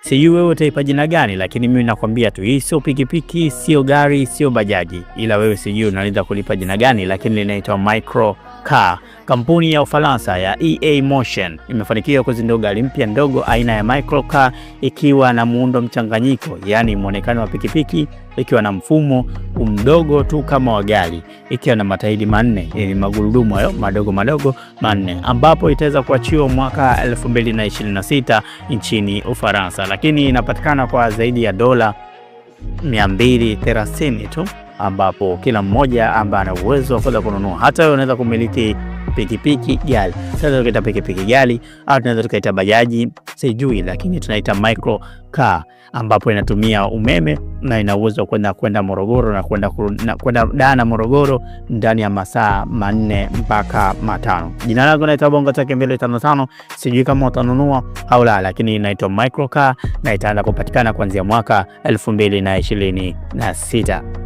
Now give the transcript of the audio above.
sijui wewe utaipa jina gani, lakini mimi nakwambia tu hii sio pikipiki, sio gari, sio bajaji, ila wewe sijui unaweza kulipa jina gani, lakini linaitwa micro Car. Kampuni ya Ufaransa ya EA Motion imefanikiwa kuzindua gari mpya ndogo aina ya microcar ikiwa na muundo mchanganyiko, yaani mwonekano wa pikipiki ikiwa na mfumo mdogo tu kama wa gari, ikiwa na matairi manne yenye magurudumu hayo madogo madogo manne, ambapo itaweza kuachiwa mwaka 2026 nchini Ufaransa, lakini inapatikana kwa zaidi ya dola 230 tu ambapo kila mmoja ambaye ana uwezo wa kwenda kununua, hata wewe unaweza kumiliki pikipiki gari. Tunaweza tukaita pikipiki gari au tunaweza tukaita bajaji, sijui, lakini tunaita micro car, ambapo inatumia umeme na ina uwezo wa kwenda kwenda Morogoro na kwenda kwenda Dar na Morogoro ndani ya masaa manne mpaka matano. Jina langu naitwa Bongo Tech 255, sijui kama utanunua au la, lakini inaitwa microcar na itaanza kupatikana kuanzia mwaka 2026.